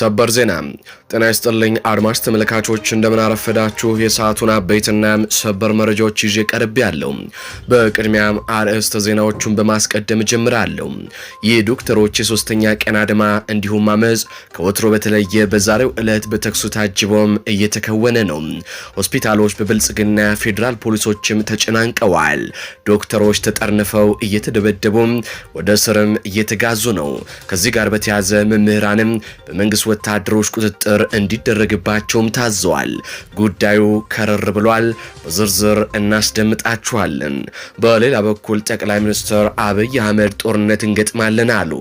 ሰበር ዜና ጤና ይስጥልኝ አድማጭ ተመልካቾች፣ እንደምን አረፈዳችሁ። የሰዓቱን አበይትና ሰበር መረጃዎች ይዤ ቀርብ ያለው። በቅድሚያም አርዕስተ ዜናዎቹን በማስቀደም ይህ የዶክተሮች የሶስተኛ ቀን አድማ እንዲሁም አመፅ ከወትሮ በተለየ በዛሬው ዕለት በተኩሱ ታጅቦም እየተከወነ ነው። ሆስፒታሎች በብልጽግና ፌዴራል ፖሊሶችም ተጨናንቀዋል። ዶክተሮች ተጠርንፈው እየተደበደቡ ወደ እስርም እየተጋዙ ነው። ከዚህ ጋር በተያያዘ መምህራንም በመንግስት ወታደሮች ቁጥጥር ቁጥጥር እንዲደረግባቸውም ታዘዋል። ጉዳዩ ከረር ብሏል። በዝርዝር እናስደምጣችኋለን። በሌላ በኩል ጠቅላይ ሚኒስትር አብይ አህመድ ጦርነት እንገጥማለን አሉ።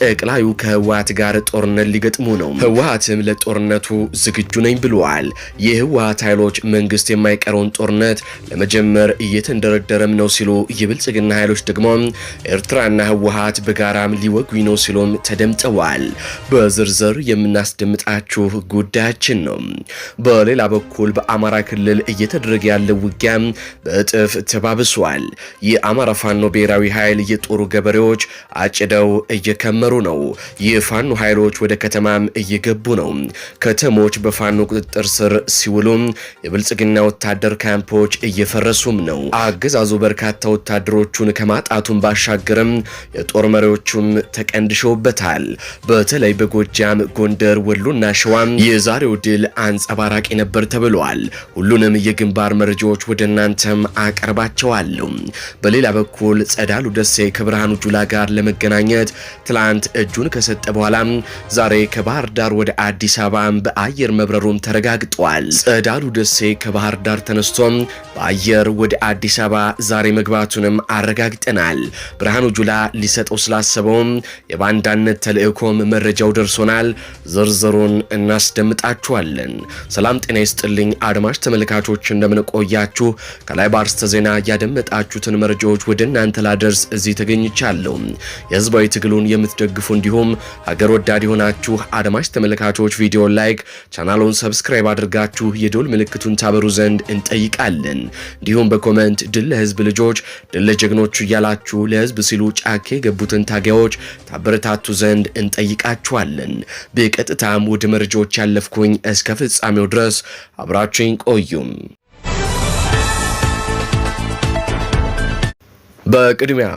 ጠቅላዩ ከህወሀት ጋር ጦርነት ሊገጥሙ ነው። ህወሀትም ለጦርነቱ ዝግጁ ነኝ ብለዋል። የህወሀት ኃይሎች መንግስት የማይቀረውን ጦርነት ለመጀመር እየተንደረደረም ነው ሲሉ የብልጽግና ኃይሎች ደግሞ ኤርትራና ህወሀት በጋራም ሊወጉኝ ነው ሲሉም ተደምጠዋል። በዝርዝር የምናስደምጣችሁ መሰናዷችሁ ጉዳያችን ነው። በሌላ በኩል በአማራ ክልል እየተደረገ ያለው ውጊያ በእጥፍ ተባብሷል። የአማራ ፋኖ ብሔራዊ ኃይል የጦሩ ገበሬዎች አጭደው እየከመሩ ነው። የፋኖ ኃይሎች ወደ ከተማም እየገቡ ነው። ከተሞች በፋኖ ቁጥጥር ስር ሲውሉም የብልጽግና ወታደር ካምፖች እየፈረሱም ነው። አገዛዙ በርካታ ወታደሮቹን ከማጣቱን ባሻገርም የጦር መሪዎቹም ተቀንድሸውበታል። በተለይ በጎጃም ጎንደር፣ ወሎና ሸዋ ተጠናክሯል። የዛሬው ድል አንጸባራቂ ነበር ተብሏል። ሁሉንም የግንባር መረጃዎች ወደ እናንተም አቀርባቸዋለሁ። በሌላ በኩል ጸዳሉ ደሴ ከብርሃኑ ጁላ ጋር ለመገናኘት ትላንት እጁን ከሰጠ በኋላ ዛሬ ከባህር ዳር ወደ አዲስ አበባ በአየር መብረሩም ተረጋግጧል። ጸዳሉ ደሴ ከባህር ዳር ተነስቶ በአየር ወደ አዲስ አበባ ዛሬ መግባቱንም አረጋግጠናል። ብርሃኑ ጁላ ሊሰጠው ስላሰበውም የባንዳነት ተልእኮም መረጃው ደርሶናል። ዝርዝሩን እናስደምጣችኋለን። ሰላም ጤና ይስጥልኝ አድማጭ ተመልካቾች፣ እንደምንቆያችሁ ከላይ በአርስተ ዜና ያደመጣችሁትን መረጃዎች ወደ እናንተ ላደርስ እዚህ ተገኝቻለሁ። የህዝባዊ ትግሉን የምትደግፉ እንዲሁም ሀገር ወዳድ የሆናችሁ አድማጭ ተመልካቾች ቪዲዮ ላይክ፣ ቻናሉን ሰብስክራይብ አድርጋችሁ የዶል ምልክቱን ታበሩ ዘንድ እንጠይቃለን። እንዲሁም በኮመንት ድል ለህዝብ ልጆች፣ ድል ለጀግኖቹ እያላችሁ ለህዝብ ሲሉ ጫካ የገቡትን ታጋዮች ታበረታቱ ዘንድ እንጠይቃችኋለን። በቀጥታም ወደ መረጃ መረጃዎች ያለፍኩኝ እስከ ፍጻሜው ድረስ አብራችሁኝ ቆዩም። በቅድሚያ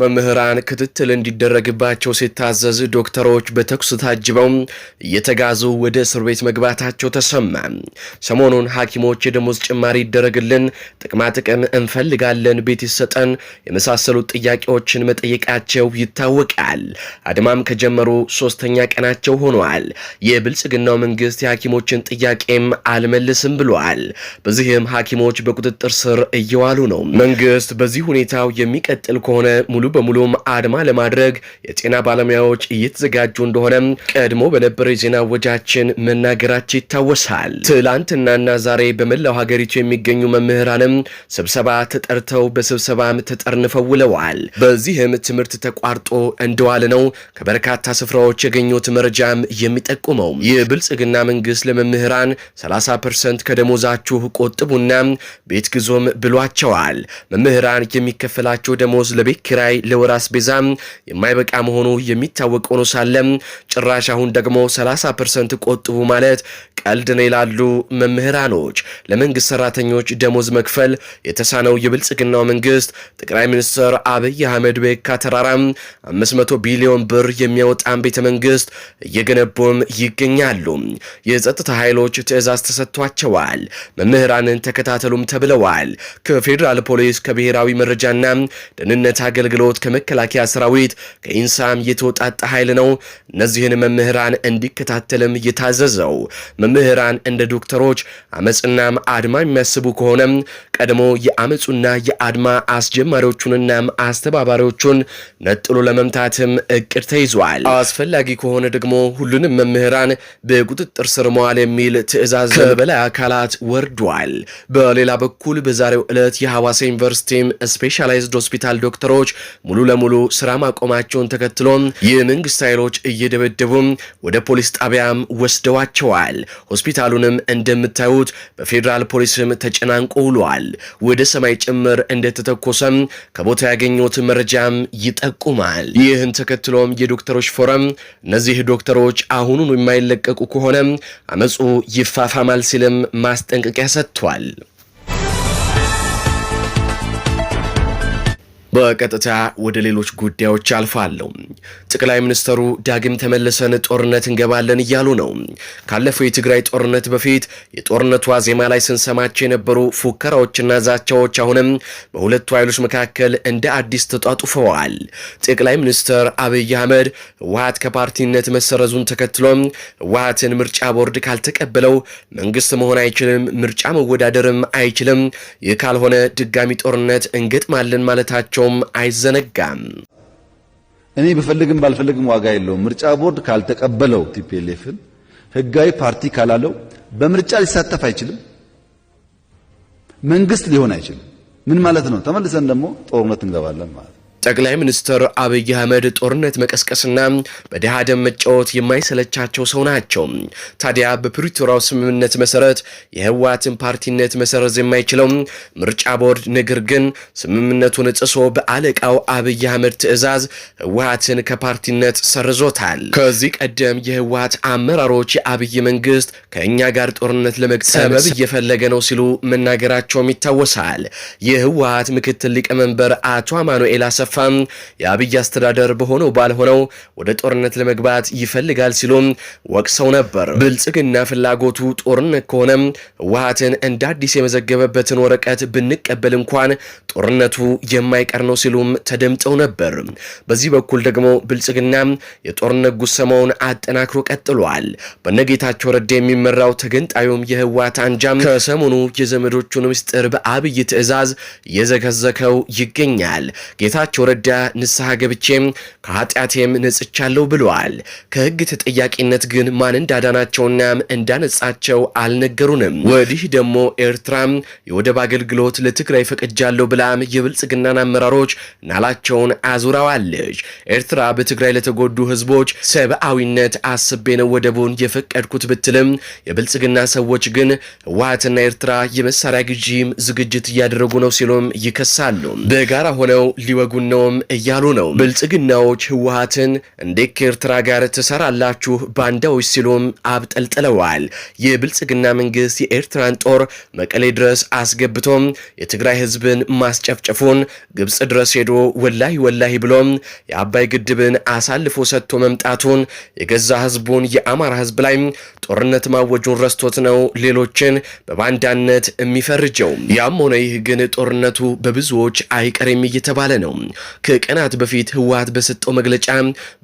መምህራን ክትትል እንዲደረግባቸው ሲታዘዝ ዶክተሮች በተኩስ ታጅበው እየተጋዙ ወደ እስር ቤት መግባታቸው ተሰማ። ሰሞኑን ሐኪሞች የደሞዝ ጭማሪ ይደረግልን፣ ጥቅማ ጥቅም እንፈልጋለን፣ ቤት ይሰጠን የመሳሰሉት ጥያቄዎችን መጠየቃቸው ይታወቃል። አድማም ከጀመሩ ሶስተኛ ቀናቸው ሆኗል። የብልጽግናው መንግስት የሐኪሞችን ጥያቄም አልመልስም ብሏል። በዚህም ሐኪሞች በቁጥጥር ስር እየዋሉ ነው። መንግስት በዚህ ሁኔታው የሚቀጥል ከሆነ ሙሉ በሙሉም አድማ ለማድረግ የጤና ባለሙያዎች እየተዘጋጁ እንደሆነም ቀድሞ በነበረ የዜና ወጃችን መናገራችን ይታወሳል። ትላንትናና ዛሬ በመላው ሀገሪቱ የሚገኙ መምህራንም ስብሰባ ተጠርተው በስብሰባም ተጠርንፈው ውለዋል። በዚህም ትምህርት ተቋርጦ እንደዋለ ነው ከበርካታ ስፍራዎች የገኙት መረጃም የሚጠቁመው። የብልጽግና መንግስት ለመምህራን 30 ፐርሰንት ከደሞዛችሁ ቆጥቡና ቤት ግዞም ብሏቸዋል። መምህራን የሚከፈላቸው ደሞዝ ለቤት ኪራይ በላይ ለወራስ ቤዛ የማይበቃ መሆኑ የሚታወቅ ሆኖ ሳለ ጭራሽ አሁን ደግሞ 30 ፐርሰንት ቆጥቡ ማለት ቀልድ ነው ይላሉ መምህራኖች። ለመንግስት ሰራተኞች ደሞዝ መክፈል የተሳነው የብልጽግናው መንግስት ጠቅላይ ሚኒስትር አብይ አህመድ በየካ ተራራም 500 ቢሊዮን ብር የሚያወጣን ቤተ መንግስት እየገነቡም ይገኛሉ። የጸጥታ ኃይሎች ትዕዛዝ ተሰጥቷቸዋል። መምህራንን ተከታተሉም ተብለዋል። ከፌዴራል ፖሊስ ከብሔራዊ መረጃና ደህንነት አገልግሎት ከአብሮት ከመከላከያ ሰራዊት ከኢንሳም የተወጣጣ ኃይል ነው እነዚህን መምህራን እንዲከታተልም የታዘዘው። መምህራን እንደ ዶክተሮች አመፅናም አድማ የሚያስቡ ከሆነም ቀድሞ የአመፁና የአድማ አስጀማሪዎቹንና አስተባባሪዎቹን ነጥሎ ለመምታትም እቅድ ተይዟል። አስፈላጊ ከሆነ ደግሞ ሁሉንም መምህራን በቁጥጥር ስር መዋል የሚል ትዕዛዝ በላይ አካላት ወርዷል። በሌላ በኩል በዛሬው ዕለት የሐዋሳ ዩኒቨርሲቲም ስፔሻላይዝድ ሆስፒታል ዶክተሮች ሙሉ ለሙሉ ስራ ማቆማቸውን ተከትሎ የመንግስት ኃይሎች እየደበደቡ ወደ ፖሊስ ጣቢያም ወስደዋቸዋል። ሆስፒታሉንም እንደምታዩት በፌዴራል ፖሊስም ተጨናንቆ ውሏል። ወደ ሰማይ ጭምር እንደተተኮሰም ከቦታ ያገኘሁት መረጃም ይጠቁማል። ይህን ተከትሎም የዶክተሮች ፎረም እነዚህ ዶክተሮች አሁኑን የማይለቀቁ ከሆነ አመፁ ይፋፋማል ሲልም ማስጠንቀቂያ ሰጥቷል። በቀጥታ ወደ ሌሎች ጉዳዮች አልፋለሁ። ጠቅላይ ሚኒስትሩ ዳግም ተመልሰን ጦርነት እንገባለን እያሉ ነው። ካለፈው የትግራይ ጦርነት በፊት የጦርነቱ ዜማ ላይ ስንሰማቸው የነበሩ ፉከራዎችና ዛቻዎች አሁንም በሁለቱ ኃይሎች መካከል እንደ አዲስ ተጧጡፈዋል። ጠቅላይ ሚኒስትር አብይ አህመድ ህወሀት ከፓርቲነት መሰረዙን ተከትሎ ህወሀትን ምርጫ ቦርድ ካልተቀበለው መንግስት መሆን አይችልም፣ ምርጫ መወዳደርም አይችልም፣ ይህ ካልሆነ ድጋሚ ጦርነት እንገጥማለን ማለታቸው መሆኑም አይዘነጋም። እኔ ብፈልግም ባልፈልግም ዋጋ የለውም። ምርጫ ቦርድ ካልተቀበለው ቲፒኤልኤፍን ህጋዊ ፓርቲ ካላለው በምርጫ ሊሳተፍ አይችልም። መንግስት ሊሆን አይችልም። ምን ማለት ነው? ተመልሰን ደግሞ ጦርነት እንገባለን ማለት ነው። ጠቅላይ ሚኒስትር አብይ አህመድ ጦርነት መቀስቀስና በድሃ ደም መጫወት የማይሰለቻቸው ሰው ናቸው። ታዲያ በፕሪቶሪያው ስምምነት መሰረት የህወሓትን ፓርቲነት መሰረዝ የማይችለው ምርጫ ቦርድ ነገር ግን ስምምነቱን ጥሶ በአለቃው አብይ አህመድ ትዕዛዝ ህወሓትን ከፓርቲነት ሰርዞታል። ከዚህ ቀደም የህወሓት አመራሮች የአብይ መንግስት ከእኛ ጋር ጦርነት ለመግጠም ሰበብ እየፈለገ ነው ሲሉ መናገራቸውም ይታወሳል። የህወሓት ምክትል ሊቀመንበር አቶ አማኑኤል አሰፋ ሲገፋ የአብይ አስተዳደር በሆነው ባልሆነው ወደ ጦርነት ለመግባት ይፈልጋል ሲሉም ወቅሰው ነበር። ብልጽግና ፍላጎቱ ጦርነት ከሆነ ህወሓትን እንደ አዲስ የመዘገበበትን ወረቀት ብንቀበል እንኳን ጦርነቱ የማይቀር ነው ሲሉም ተደምጠው ነበር። በዚህ በኩል ደግሞ ብልጽግና የጦርነት ጉሰማውን አጠናክሮ ቀጥሏል። በነጌታቸው ረዳ የሚመራው ተገንጣዩም የህወሓት አንጃም ከሰሞኑ የዘመዶቹን ምስጢር በአብይ ትዕዛዝ እየዘከዘከው ይገኛል። ጌታቸው ጌታቸው ረዳ ንስሐ ገብቼም ከኃጢአቴም ነጽቻለሁ ብለዋል። ከህግ ተጠያቂነት ግን ማን እንዳዳናቸውና እንዳነጻቸው አልነገሩንም። ወዲህ ደግሞ ኤርትራም የወደብ አገልግሎት ለትግራይ ፈቅጃለሁ ብላም የብልጽግናን አመራሮች ናላቸውን አዙራዋለች። ኤርትራ በትግራይ ለተጎዱ ህዝቦች ሰብአዊነት አስቤ ነው ወደቡን የፈቀድኩት ብትልም የብልጽግና ሰዎች ግን ህወሀትና ኤርትራ የመሳሪያ ግዢም ዝግጅት እያደረጉ ነው ሲሉም ይከሳሉ። በጋራ ሆነው ሊወጉን ነውም እያሉ ነው። ብልጽግናዎች ህወሀትን እንዴት ከኤርትራ ጋር ትሰራላችሁ ባንዳዎች ሲሉም አብጠልጥለዋል። የብልጽግና መንግስት የኤርትራን ጦር መቀሌ ድረስ አስገብቶም የትግራይ ህዝብን ማስጨፍጨፉን ግብፅ ድረስ ሄዶ ወላሂ ወላሂ ብሎም የአባይ ግድብን አሳልፎ ሰጥቶ መምጣቱን የገዛ ህዝቡን የአማራ ህዝብ ላይ ጦርነት ማወጁን ረስቶት ነው ሌሎችን በባንዳነት የሚፈርጀው። ያም ሆነ ይህ ግን ጦርነቱ በብዙዎች አይቀሬም እየተባለ ነው። ከቀናት በፊት ህወሓት በሰጠው መግለጫ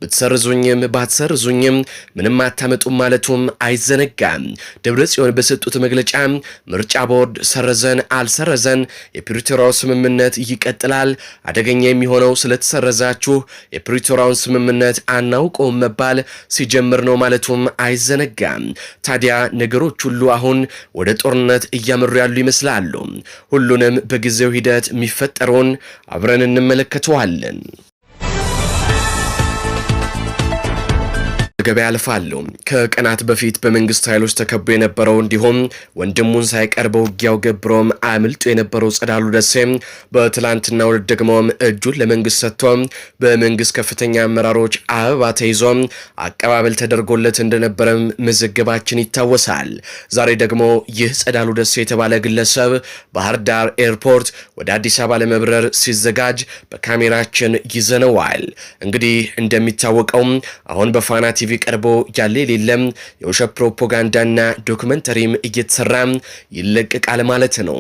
ብትሰርዙኝም ባትሰርዙኝም ምንም አታመጡም ማለቱም አይዘነጋም። ደብረ ጽዮን በሰጡት መግለጫ ምርጫ ቦርድ ሰረዘን አልሰረዘን የፕሪቶሪያው ስምምነት ይቀጥላል። አደገኛ የሚሆነው ስለተሰረዛችሁ የፕሪቶሪያውን ስምምነት አናውቀውም መባል ሲጀምር ነው ማለቱም አይዘነጋም። ታዲያ ነገሮች ሁሉ አሁን ወደ ጦርነት እያመሩ ያሉ ይመስላሉ። ሁሉንም በጊዜው ሂደት የሚፈጠረውን አብረን እንመለከት እንመለከተዋለን። በገበያ ያልፋሉ። ከቀናት በፊት በመንግስት ኃይሎች ተከቦ የነበረው እንዲሁም ወንድሙን ሳይቀር በውጊያው ገብሮም አምልጦ የነበረው ጸዳሉ ደሴ በትላንትና ውልድ ደግሞም እጁን ለመንግስት ሰጥቶ በመንግስት ከፍተኛ አመራሮች አበባ ተይዞ አቀባበል ተደርጎለት እንደነበረም መዘገባችን ይታወሳል። ዛሬ ደግሞ ይህ ጸዳሉ ደሴ የተባለ ግለሰብ ባህር ዳር ኤርፖርት ወደ አዲስ አበባ ለመብረር ሲዘጋጅ በካሜራችን ይዘነዋል። እንግዲህ እንደሚታወቀው አሁን በፋና ቲቪ ቲቪ ቀርቦ ያለ የሌለም የውሸት ፕሮፓጋንዳና ዶክመንተሪም እየተሰራ ይለቀቃል ማለት ነው።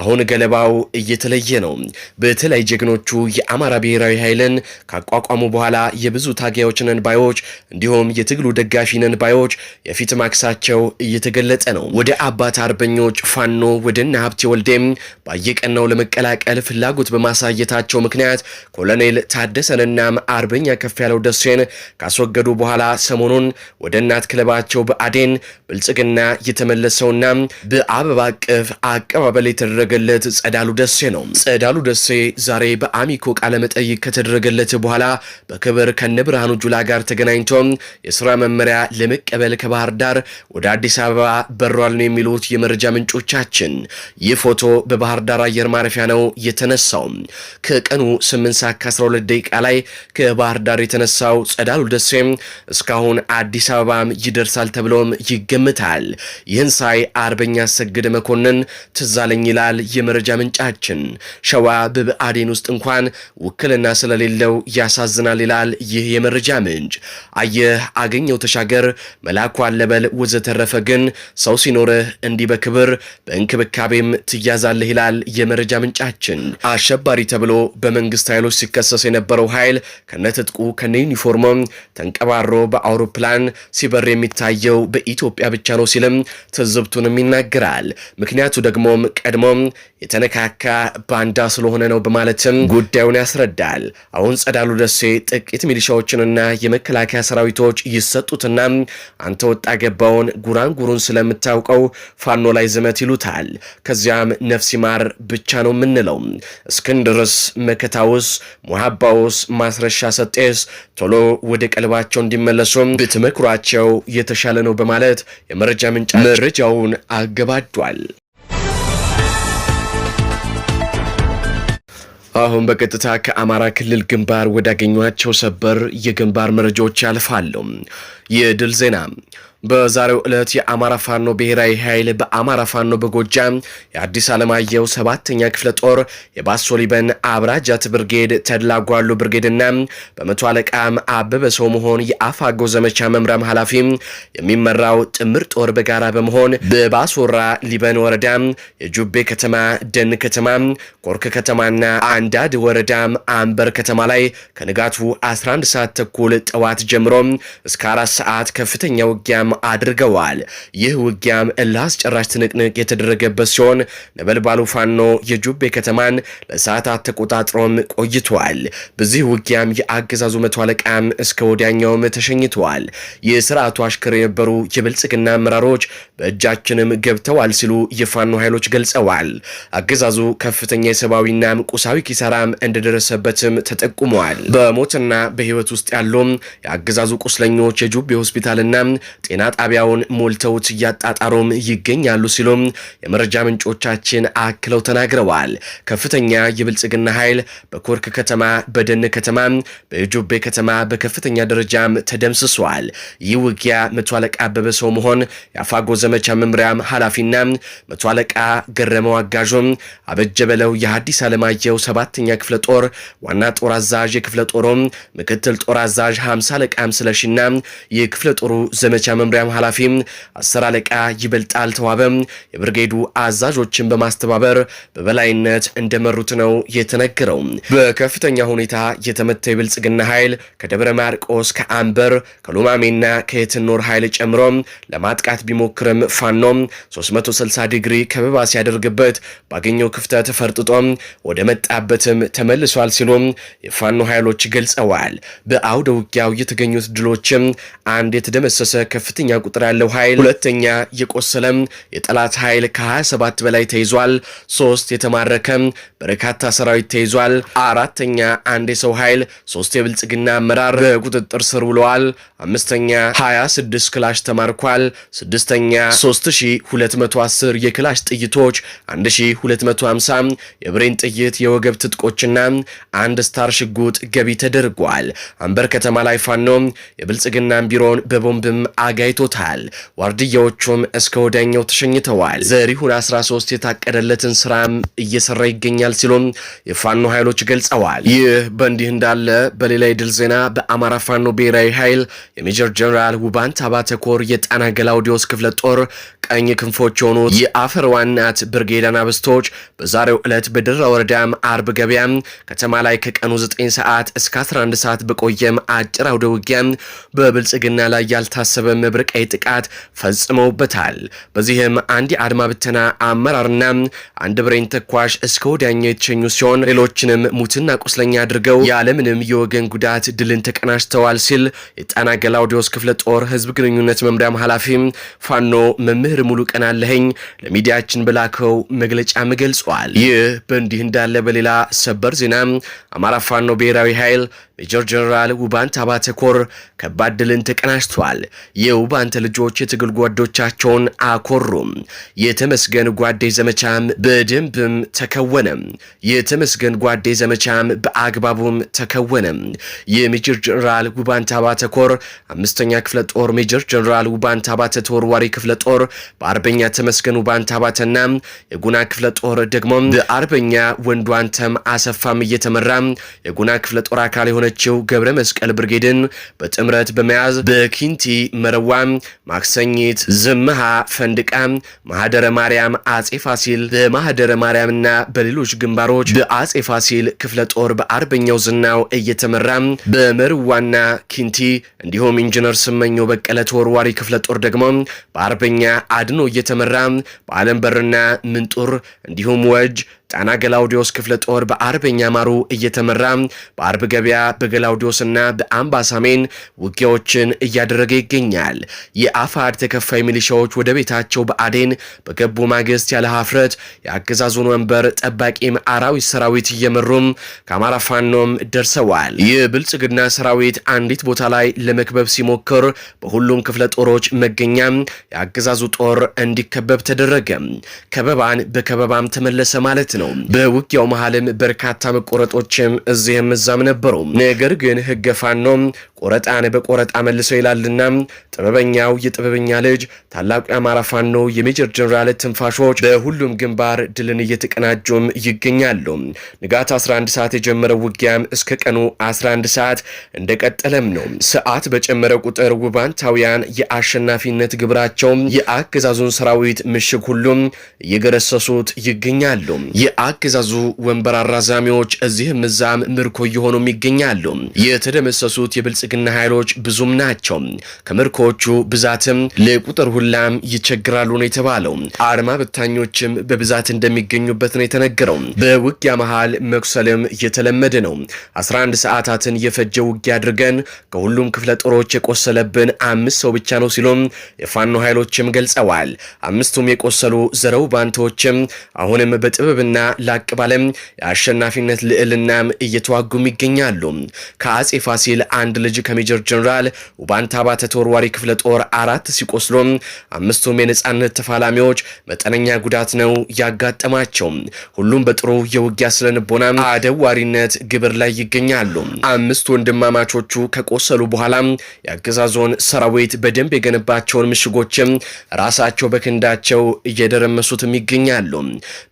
አሁን ገለባው እየተለየ ነው። በተለይ ጀግኖቹ የአማራ ብሔራዊ ኃይልን ካቋቋሙ በኋላ የብዙ ታጋዮች ነን ባዮች እንዲሁም የትግሉ ደጋፊ ነን ባዮች የፊት ማክሳቸው እየተገለጸ ነው። ወደ አባት አርበኞች ፋኖ ወደ ሀብቴ ወልዴም ባየቀናው ለመቀላቀል ፍላጎት በማሳየታቸው ምክንያት ኮሎኔል ታደሰንና አርበኛ ከፍ ያለው ደሴን ካስወገዱ በኋላ ሰሞኑን ወደ እናት ክለባቸው በአዴን ብልጽግና የተመለሰውና በአበባ አቀፍ አቀባበል የተደረገለት ጸዳሉ ደሴ ነው። ጸዳሉ ደሴ ዛሬ በአሚኮ ቃለመጠይቅ ከተደረገለት በኋላ በክብር ከነብርሃኑ ጁላ ጋር ተገናኝቶ የስራ መመሪያ ለመቀበል ከባህር ዳር ወደ አዲስ አበባ በሯል ነው የሚሉት የመረጃ ምንጮቻችን። ይህ ፎቶ በባህር ዳር አየር ማረፊያ ነው የተነሳው። ከቀኑ 8 ሰዓት ከ12 ደቂቃ ላይ ከባህር ዳር የተነሳው ጸዳሉ ደሴ እስካሁን አሁን አዲስ አበባም ይደርሳል ተብሎም ይገምታል። ይህን ሳይ አርበኛ ሰግድ መኮንን ትዛለኝ ይላል የመረጃ ምንጫችን። ሸዋ በብአዴን ውስጥ እንኳን ውክልና ስለሌለው ያሳዝናል ይላል ይህ የመረጃ ምንጭ። አየህ አገኘው ተሻገር፣ መላኩ አለበል ወዘተረፈ ግን ሰው ሲኖርህ እንዲህ በክብር በእንክብካቤም ትያዛለህ ይላል የመረጃ ምንጫችን። አሸባሪ ተብሎ በመንግስት ኃይሎች ሲከሰስ የነበረው ኃይል ከነትጥቁ ከነ ዩኒፎርሞም ተንቀባሮ በአ አውሮፕላን ሲበር የሚታየው በኢትዮጵያ ብቻ ነው ሲልም ትዝብቱንም ይናገራል። ምክንያቱ ደግሞም ቀድሞም የተነካካ ባንዳ ስለሆነ ነው በማለትም ጉዳዩን ያስረዳል። አሁን ጸዳሉ ደሴ ጥቂት ሚሊሻዎችንና የመከላከያ ሰራዊቶች ይሰጡትና አንተ ወጣ ገባውን ጉራንጉሩን ስለምታውቀው ፋኖ ላይ ዝመት ይሉታል። ከዚያም ነፍሲ ማር ብቻ ነው የምንለው። እስክንድርስ፣ መከታውስ፣ ሙሃባውስ፣ ማስረሻ ሰጤስ ቶሎ ወደ ቀልባቸው እንዲመለሱ እርሳቸውም ብትመክሯቸው የተሻለ ነው በማለት የመረጃ ምንጫ መረጃውን አገባዷል። አሁን በቀጥታ ከአማራ ክልል ግንባር ወዳገኟቸው ሰበር የግንባር መረጃዎች ያልፋሉ። የድል ዜና በዛሬው ዕለት የአማራ ፋኖ ብሔራዊ ኃይል በአማራ ፋኖ በጎጃም የአዲስ ዓለማየሁ ሰባተኛ ክፍለ ጦር የባሶ ሊበን አብራጃት ብርጌድ ተድላጓሉ ብርጌድና በመቶ አለቃ አበበ ሰው መሆን የአፋጎ ዘመቻ መምራም ኃላፊ የሚመራው ጥምር ጦር በጋራ በመሆን በባሶራ ሊበን ወረዳ የጁቤ ከተማ፣ ደን ከተማ፣ ቆርክ ከተማና አንዳድ ወረዳ አንበር ከተማ ላይ ከንጋቱ 11 ሰዓት ተኩል ጠዋት ጀምሮ እስከ አራት ሰዓት ከፍተኛ ውጊያ አድርገዋል። ይህ ውጊያም እልህ ትንቅንቅ የተደረገበት ሲሆን ነበልባሉ ፋኖ የጁቤ ከተማን ለሰዓታት ተቆጣጥሮም ቆይቷል። በዚህ ውጊያም የአገዛዙ መቶ አለቃም እስከ ወዲያኛውም ተሸኝተዋል። የስርዓቱ አሽከር የነበሩ የብልጽግና አመራሮች በእጃችንም ገብተዋል ሲሉ የፋኖ ኃይሎች ገልጸዋል። አገዛዙ ከፍተኛ የሰብአዊና ቁሳዊ ኪሳራም እንደደረሰበትም ተጠቁመዋል። በሞትና በህይወት ውስጥ ያሉ የአገዛዙ ቁስለኞች የጁቤ ሆስፒታልና ጤና ጤና ጣቢያውን ሞልተውት እያጣጣሩም ይገኛሉ ሲሉም የመረጃ ምንጮቻችን አክለው ተናግረዋል። ከፍተኛ የብልጽግና ኃይል በኮርክ ከተማ፣ በደን ከተማ፣ በጆቤ ከተማ በከፍተኛ ደረጃም ተደምስሷል። ይህ ውጊያ መቶ አለቃ አበበ ሰው መሆን የአፋጎ ዘመቻ መምሪያም ኃላፊና መቶ አለቃ ገረመው አጋዡም አበጀበለው የሐዲስ ዓለማየሁ ሰባተኛ ክፍለ ጦር ዋና ጦር አዛዥ የክፍለ ጦሩም ምክትል ጦር አዛዥ 50 አለቃም ስለሽና የክፍለ ጦሩ ዘመቻ መምሪያ መምሪያም ኃላፊ አስር አለቃ ይበልጣል ተዋበም የብርጌዱ አዛዦችን በማስተባበር በበላይነት እንደመሩት ነው የተነገረው። በከፍተኛ ሁኔታ የተመታ የብልጽግና ኃይል ከደብረ ማርቆስ፣ ከአንበር፣ ከሉማሜና ከየትኖር ኃይል ጨምሮ ለማጥቃት ቢሞክርም ፋኖ 360 ዲግሪ ከበባ ሲያደርግበት ባገኘው ክፍተት ፈርጥጦ ወደ መጣበትም ተመልሷል ሲሉ የፋኖ ኃይሎች ገልጸዋል። በአውደ ውጊያው የተገኙት ድሎችም አንድ የተደመሰሰ ከፍተኛ ከፍተኛ ቁጥር ያለው ኃይል፣ ሁለተኛ የቆሰለም የጠላት ኃይል ከ27 በላይ ተይዟል። ሶስት የተማረከም በርካታ ሰራዊት ተይዟል። አራተኛ አንድ የሰው ኃይል፣ ሶስት የብልጽግና አመራር በቁጥጥር ስር ውለዋል። አምስተኛ 26 ክላሽ ተማርኳል። ስድስተኛ 3210 የክላሽ ጥይቶች፣ 1250 የብሬን ጥይት፣ የወገብ ትጥቆችና አንድ ስታር ሽጉጥ ገቢ ተደርጓል። አንበር ከተማ ላይ ፋኖ የብልጽግናን ቢሮን በቦምብም አጋይቶታል። ዋርድያዎቹም እስከ ወዲያኛው ተሸኝተዋል። ዘሪሁን 13 የታቀደለትን ስራም እየሰራ ይገኛል ሲሉም የፋኖ ኃይሎች ገልጸዋል። ይህ በእንዲህ እንዳለ በሌላ የድል ዜና በአማራ ፋኖ ብሔራዊ ኃይል የሜጀር ጀነራል ውባንት አባተ ኮር የጣና ገላውዲዮስ ክፍለ ጦር ቀኝ ክንፎች የሆኑት የአፈር ዋናት ብርጌድ አናብስቶች በዛሬው ዕለት በድራ ወረዳም አርብ ገበያም ከተማ ላይ ከቀኑ 9 ሰዓት እስከ 11 ሰዓት በቆየም አጭር አውደ ውጊያም በብልጽግና ላይ ያልታሰበ መብረቃዊ ጥቃት ፈጽመውበታል። በዚህም አንድ የአድማ ብተና አመራርና አንድ ብሬን ተኳሽ እስከ ወዲያኛው የተሸኙ ሲሆን ሌሎችንም ሙትና ቁስለኛ አድርገው ያለምንም የወገን ጉዳት ድልን ተቀናጅተዋል ሲል የጣና የገላውዲዮስ ክፍለ ጦር ህዝብ ግንኙነት መምሪያም ኃላፊም ፋኖ መምህር ሙሉ ቀን አለኸኝ ለሚዲያችን በላከው መግለጫም ገልጿል። ይህ በእንዲህ እንዳለ በሌላ ሰበር ዜና አማራ ፋኖ ብሔራዊ ኃይል ሜጀር ጀነራል ውባንት አባተ ኮር ከባድ ድልን ተቀናጅቷል። የውባንተ ልጆች የትግል ጓዶቻቸውን አኮሩም። የተመስገን ጓዴ ዘመቻም በደንብም ተከወነም። የተመስገን ጓዴ ዘመቻም በአግባቡም ተከወነም። የሜጀር ጀነራል ውባንት አባተ ኮር አምስተኛ ክፍለ ጦር ሜጀር ጀነራል ውባንታ ባተ ተወርዋሪ ክፍለ ጦር በአርበኛ ተመስገን ውባንታ ባተና የጉና ክፍለ ጦር ደግሞ በአርበኛ ወንዱ አንተም አሰፋም እየተመራ የጉና ክፍለ ጦር አካል የሆነችው ገብረ መስቀል ብርጌድን በጥምረት በመያዝ በኪንቲ መረዋ፣ ማክሰኝት፣ ዝምሃ፣ ፈንድቃ፣ ማህደረ ማርያም፣ አጼ ፋሲል በማህደረ ማርያምና በሌሎች ግንባሮች በአጼ ፋሲል ክፍለ ጦር በአርበኛው ዝናው እየተመራ በመርዋና ኪንቲ እንዲሁ እንዲሁም ኢንጂነር ስመኘው በቀለ ተወርዋሪ ክፍለ ጦር ደግሞ በአርበኛ አድኖ እየተመራ በአለም በርና ምንጡር እንዲሁም ወጅ ጣና ገላውዲዮስ ክፍለ ጦር በአርበኛ ማሩ እየተመራ በአርብ ገበያ በገላውዲዮስና በአምባሳሜን ውጊያዎችን እያደረገ ይገኛል። የአፋድ ተከፋይ ሚሊሻዎች ወደ ቤታቸው በአዴን በገቡ ማግስት ያለ ሀፍረት የአገዛዙን ወንበር ጠባቂም አራዊት ሰራዊት እየመሩም ከአማራ ፋኖም ደርሰዋል። የብልጽግና ሰራዊት አንዲት ቦታ ላይ ለመክበብ ሲሞክር በሁሉም ክፍለ ጦሮች መገኛም የአገዛዙ ጦር እንዲከበብ ተደረገ። ከበባን በከበባም ተመለሰ ማለት ነው። ነው። በውጊያው መሀልም በርካታ መቆረጦችም እዚህም እዛም ነበሩ። ነገር ግን ህገ ፋኖ ቆረጣን በቆረጣ መልሰው ይላልና ጥበበኛው የጥበበኛ ልጅ ታላቁ የአማራ ፋኖ የሜጀር ጀኔራል ትንፋሾች በሁሉም ግንባር ድልን እየተቀናጁም ይገኛሉ። ንጋት 11 ሰዓት የጀመረው ውጊያም እስከ ቀኑ 11 ሰዓት እንደቀጠለም ነው። ሰዓት በጨመረ ቁጥር ውባንታውያን የአሸናፊነት ግብራቸው የአገዛዙን ሰራዊት ምሽግ ሁሉም እየገረሰሱት ይገኛሉ። የአገዛዙ ወንበር አራዛሚዎች እዚህም እዛም ምርኮ እየሆኑም ይገኛሉ። የተደመሰሱት የብልጽግና ኃይሎች ብዙም ናቸው። ከምርኮቹ ብዛትም ለቁጥር ሁላም ይቸግራሉ ነው የተባለው። አርማ በታኞችም በብዛት እንደሚገኙበት ነው የተነገረው። በውጊያ መሃል መኩሰልም የተለመደ ነው። 11 ሰዓታትን የፈጀ ውጊያ አድርገን ከሁሉም ክፍለ ጦሮች የቆሰለብን አምስት ሰው ብቻ ነው ሲሉም የፋኖ ኃይሎችም ገልጸዋል። አምስቱም የቆሰሉ ዘረው ባንቶችም አሁንም በጥበብና ላቅ ባለም የአሸናፊነት ልዕልናም እየተዋጉም ይገኛሉ። ከአጼ ፋሲል አንድ ልጅ ከሜጀር ጀኔራል ውባንታ ባተ ተወርዋሪ ክፍለ ጦር አራት ሲቆስሉ አምስቱም የነጻነት ተፋላሚዎች መጠነኛ ጉዳት ነው ያጋጠማቸው። ሁሉም በጥሩ የውጊያ ስለንቦና አደዋሪነት ግብር ላይ ይገኛሉ። አምስት ወንድማማቾቹ ከቆሰሉ በኋላ የአገዛዞን ሰራዊት በደንብ የገነባቸውን ምሽጎችም ራሳቸው በክንዳቸው እየደረመሱትም ይገኛሉ።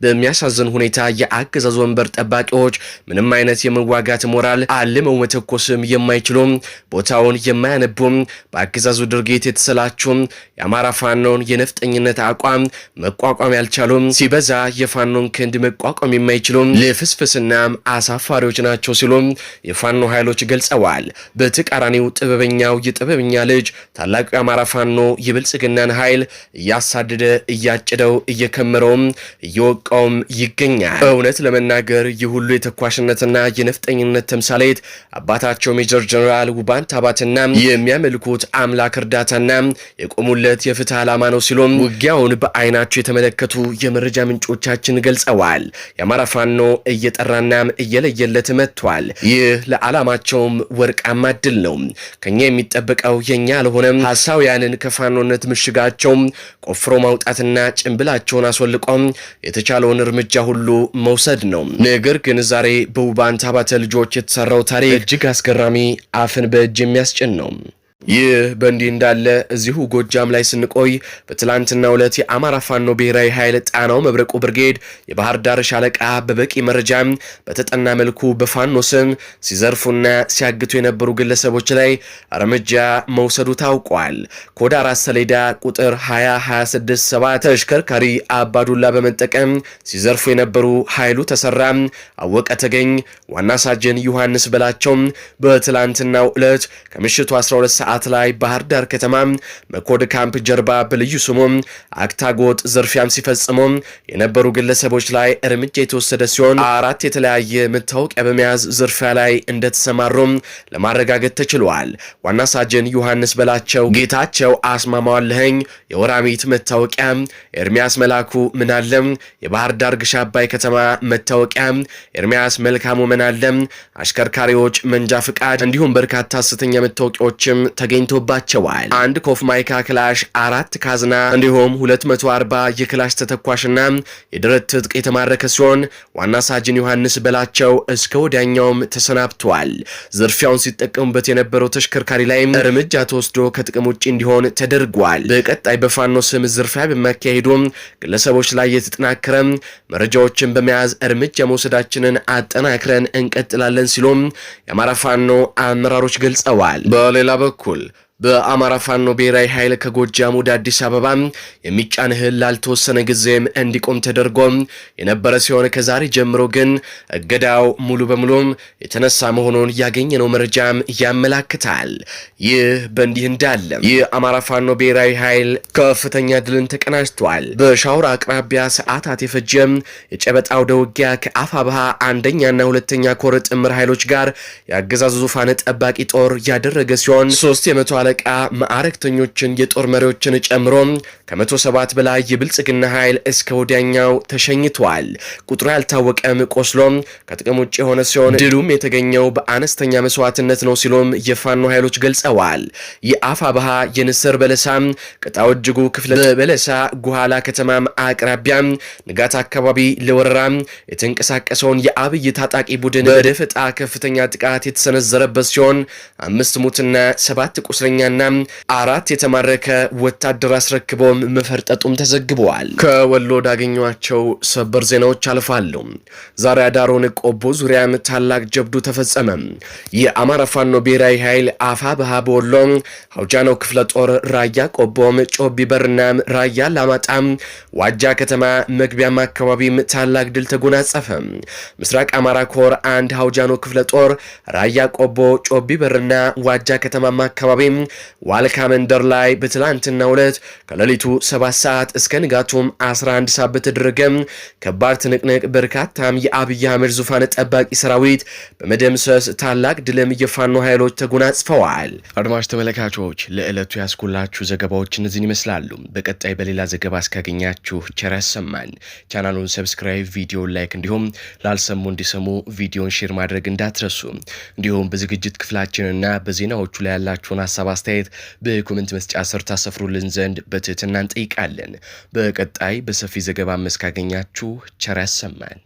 በሚያሳዝን ሁኔታ የአገዛዝ ወንበር ጠባቂዎች ምንም አይነት የመዋጋት ሞራል አልመው መተኮስም የማይችሉም ቦታውን የማያነቡም በአገዛዙ ድርጊት የተሰላችሁም የአማራ ፋኖን የነፍጠኝነት አቋም መቋቋም ያልቻሉም ሲበዛ የፋኖን ክንድ መቋቋም የማይችሉም ለፍስፍስና አሳፋሪዎች ናቸው ሲሉም የፋኖ ኃይሎች ገልጸዋል። በተቃራኒው ጥበበኛው የጥበበኛ ልጅ ታላቁ የአማራ ፋኖ የብልጽግናን ኃይል እያሳደደ እያጭደው እየከመረውም እየወቃውም ይገ ይገኛል። እውነት ለመናገር ይህ ሁሉ የተኳሽነትና የነፍጠኝነት ተምሳሌት አባታቸው ሜጀር ጀነራል ውባንት አባትና የሚያመልኩት አምላክ እርዳታና የቆሙለት የፍትህ ዓላማ ነው ሲሉም ውጊያውን በአይናቸው የተመለከቱ የመረጃ ምንጮቻችን ገልጸዋል። የአማራ ፋኖ እየጠራና እየለየለት መጥቷል። ይህ ለዓላማቸውም ወርቃማ እድል ነው። ከኛ የሚጠበቀው የኛ አልሆነም ሀሳውያንን ከፋኖነት ምሽጋቸው ቆፍሮ ማውጣትና ጭንብላቸውን አስወልቆም የተቻለውን እርምጃ ሁሉ መውሰድ ነው። ነገር ግን ዛሬ በውባንታ ባተ ልጆች የተሰራው ታሪክ እጅግ አስገራሚ፣ አፍን በእጅ የሚያስጭን ነው። ይህ በእንዲህ እንዳለ እዚሁ ጎጃም ላይ ስንቆይ በትላንትናው ዕለት የአማራ ፋኖ ብሔራዊ ኃይል ጣናው መብረቁ ብርጌድ የባህር ዳር ሻለቃ በበቂ መረጃ በተጠና መልኩ በፋኖ ስም ሲዘርፉና ሲያግቱ የነበሩ ግለሰቦች ላይ እርምጃ መውሰዱ ታውቋል። ኮድ አራት ሰሌዳ ቁጥር 2267 ተሽከርካሪ አባዱላ በመጠቀም ሲዘርፉ የነበሩ ኃይሉ ተሰራ፣ አወቀ ተገኝ፣ ዋና ሳጅን ዮሐንስ በላቸው በትላንትናው ዕለት ከምሽቱ 12 ሰዓት ሰዓት ላይ ባህር ዳር ከተማ መኮድ ካምፕ ጀርባ በልዩ ስሙ አክታጎጥ ዝርፊያም ሲፈጽሙ የነበሩ ግለሰቦች ላይ እርምጃ የተወሰደ ሲሆን አራት የተለያየ መታወቂያ በመያዝ ዝርፊያ ላይ እንደተሰማሩ ለማረጋገጥ ተችሏል። ዋና ሳጅን ዮሐንስ በላቸው ጌታቸው አስማማዋለኸኝ የወራሚት መታወቂያ፣ ኤርሚያስ መላኩ ምናለም የባህር ዳር ግሻ አባይ ከተማ መታወቂያ፣ ኤርሚያስ መልካሙ ምናለም አሽከርካሪዎች መንጃ ፍቃድ እንዲሁም በርካታ ሐሰተኛ መታወቂያዎችም ተገኝቶባቸዋል። አንድ ኮፍማይካ ክላሽ፣ አራት ካዝና እንዲሁም 240 የክላሽ ተተኳሽና የደረት ትጥቅ የተማረከ ሲሆን ዋና ሳጅን ዮሐንስ በላቸው እስከ ወዲያኛውም ተሰናብቷል። ዝርፊያውን ሲጠቀሙበት የነበረው ተሽከርካሪ ላይ እርምጃ ተወስዶ ከጥቅም ውጭ እንዲሆን ተደርጓል። በቀጣይ በፋኖ ስም ዝርፊያ በሚያካሄዱ ግለሰቦች ላይ የተጠናከረ መረጃዎችን በመያዝ እርምጃ መውሰዳችንን አጠናክረን እንቀጥላለን ሲሉም የአማራ ፋኖ አመራሮች ገልጸዋል። በሌላ በኩል الكل በአማራ ፋኖ ብሔራዊ ኃይል ከጎጃም ወደ አዲስ አበባ የሚጫን እህል ላልተወሰነ ጊዜም እንዲቆም ተደርጎ የነበረ ሲሆን ከዛሬ ጀምሮ ግን እገዳው ሙሉ በሙሉ የተነሳ መሆኑን ያገኘነው መረጃም ያመላክታል። ይህ በእንዲህ እንዳለ የአማራ ፋኖ ብሔራዊ ኃይል ከፍተኛ ድልን ተቀናጅቷል። በሻውራ አቅራቢያ ሰዓታት የፈጀም የጨበጣ ደውጊያ ውጊያ ከአፋብሃ አንደኛና ሁለተኛ ኮር ጥምር ኃይሎች ጋር የአገዛዙ ዙፋን ጠባቂ ጦር ያደረገ ሲሆን ሶስት የመቶ አለቃ ማዕረግተኞችን የጦር መሪዎችን ጨምሮ ከ ሰባት በላይ የብልጽግና ኃይል እስከ ወዲያኛው ተሸኝቷል። ቁጥሩ ያልታወቀም ቆስሎ ከጥቅም ውጭ የሆነ ሲሆን ድሉም የተገኘው በአነስተኛ መስዋዕትነት ነው ሲሉም የፋኖ ኃይሎች ገልጸዋል። የአፋ ባሃ የንስር በለሳ ቅጣው እጅጉ ክፍለ በለሳ ጉኋላ ከተማም አቅራቢያ ንጋት አካባቢ ለወረራ የተንቀሳቀሰውን የአብይ ታጣቂ ቡድን በደፈጣ ከፍተኛ ጥቃት የተሰነዘረበት ሲሆን አምስት ሙትና ሰባት ቁስለኛ ቁስለኛና አራት የተማረከ ወታደር አስረክበውም መፈርጠጡም ተዘግበዋል። ከወሎ ወዳገኟቸው ሰበር ዜናዎች አልፋሉ። ዛሬ አዳሮን ቆቦ ዙሪያም ታላቅ ጀብዱ ተፈጸመ። የአማራ ፋኖ ብሔራዊ ኃይል አፋ ባሃ በወሎ ሀውጃኖ ክፍለ ጦር ራያ ቆቦም ጮቢ በርናም ራያ ላማጣም ዋጃ ከተማ መግቢያም አካባቢም ታላቅ ድል ተጎናጸፈ። ምስራቅ አማራ ኮር አንድ ሀውጃኖ ክፍለ ጦር ራያ ቆቦ ጮቢ በርና ዋጃ ከተማም አካባቢም ዋልካ መንደር ላይ በትላንትናው ዕለት ከሌሊቱ 7 ሰዓት እስከ ንጋቱም 11 ሰዓት በተደረገ ከባድ ትንቅንቅ በርካታም የአብይ አህመድ ዙፋን ጠባቂ ሰራዊት በመደምሰስ ታላቅ ድልም የፋኖ ኃይሎች ተጎናጽፈዋል። አድማጭ ተመልካቾች ለዕለቱ ያስኩላችሁ ዘገባዎች እነዚህን ይመስላሉ። በቀጣይ በሌላ ዘገባ እስካገኛችሁ ቸር ያሰማን። ቻናሉን ሰብስክራይብ፣ ቪዲዮን ላይክ እንዲሁም ላልሰሙ እንዲሰሙ ቪዲዮን ሼር ማድረግ እንዳትረሱ። እንዲሁም በዝግጅት ክፍላችንና በዜናዎቹ ላይ ያላችሁን ሀሳብ አስተያየት በኮመንት መስጫ ስር ታሰፍሩልን ዘንድ በትህትና እንጠይቃለን። በቀጣይ በሰፊ ዘገባ መስካገኛችሁ ቸር ያሰማን።